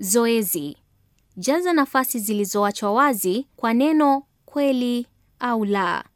Zoezi: jaza nafasi zilizoachwa wazi kwa neno kweli au la.